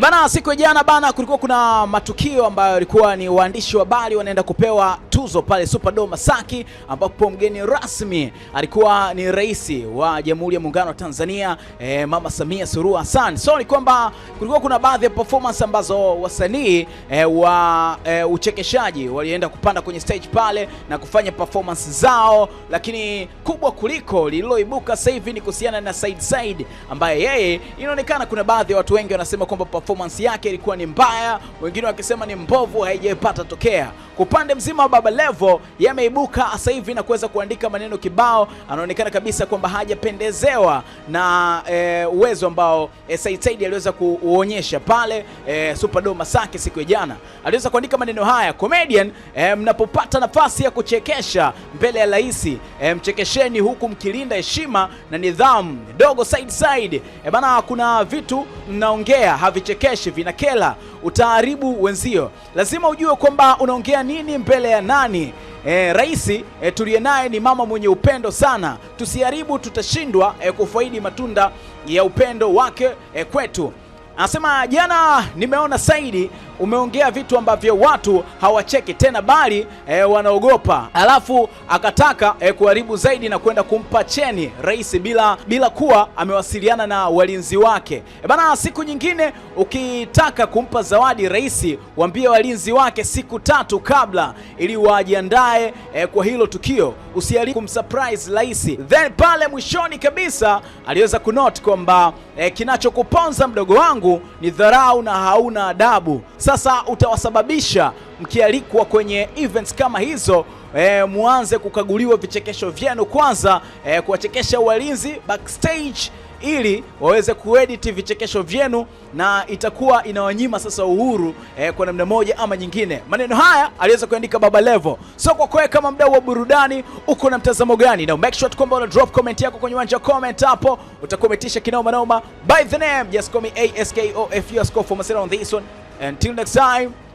E bana, siku ya jana bana, kulikuwa kuna matukio ambayo yalikuwa ni waandishi wa habari wanaenda kupewa tuzo pale Superdome Masaki, ambapo mgeni rasmi alikuwa ni rais wa Jamhuri ya Muungano wa Tanzania e, Mama Samia Suluhu Hassan. So ni kwamba kulikuwa kuna baadhi ya performance ambazo wasanii e, wa e, uchekeshaji walienda kupanda kwenye stage pale na kufanya performance zao, lakini kubwa kuliko lililoibuka sasa hivi ni kuhusiana na Said Said ambaye yeye inaonekana kuna baadhi ya watu wengi wanasema kwamba performance yake ilikuwa ni mbaya, wengine wakisema ni mbovu, haijaipata tokea kupande mzima wa baba Baba Levo yameibuka sasa hivi na kuweza kuandika maneno kibao. Anaonekana kabisa kwamba hajapendezewa na eh, uwezo ambao e, Said Said aliweza kuonyesha pale e, Superdome Masaki siku ya jana, aliweza kuandika maneno haya comedian e, mnapopata nafasi ya kuchekesha mbele ya rais e, mchekesheni huku mkilinda heshima na nidhamu. Dogo Said Said e, bana, kuna vitu mnaongea havichekeshi, vinakela, utaharibu wenzio. Lazima ujue kwamba unaongea nini mbele ya na fulani. E, eh, rais e, eh, tuliye naye ni mama mwenye upendo sana. Tusiharibu, tutashindwa e, kufaidi matunda ya upendo wake e, kwetu. Anasema jana nimeona Saidi umeongea vitu ambavyo watu hawacheki tena, bali e, wanaogopa. Alafu akataka e, kuharibu zaidi na kwenda kumpa cheni rais bila, bila kuwa amewasiliana na walinzi wake. E bana, siku nyingine ukitaka kumpa zawadi rais, waambie walinzi wake siku tatu kabla, ili wajiandae e, kwa hilo tukio. Usialie kumsurprise rais, then pale mwishoni kabisa aliweza kunote kwamba e, kinachokuponza mdogo wangu ni dharau na hauna adabu. Sasa utawasababisha mkialikwa kwenye events kama hizo E, muanze kukaguliwa vichekesho vyenu kwanza, e, kuwachekesha walinzi backstage ili waweze kuedit vichekesho vyenu, na itakuwa inawanyima sasa uhuru eh, kwa namna moja ama nyingine. Maneno haya aliweza kuandika Baba Levo. So kwa kweli kama mdau wa burudani uko na mtazamo gani? Na make sure kwamba una drop comment yako kwenye uwanja comment hapo, utakuwa umetisha kinaumanauma By the name just yes, ASKOFU askofu on this one. Until next time.